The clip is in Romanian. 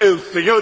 El Señor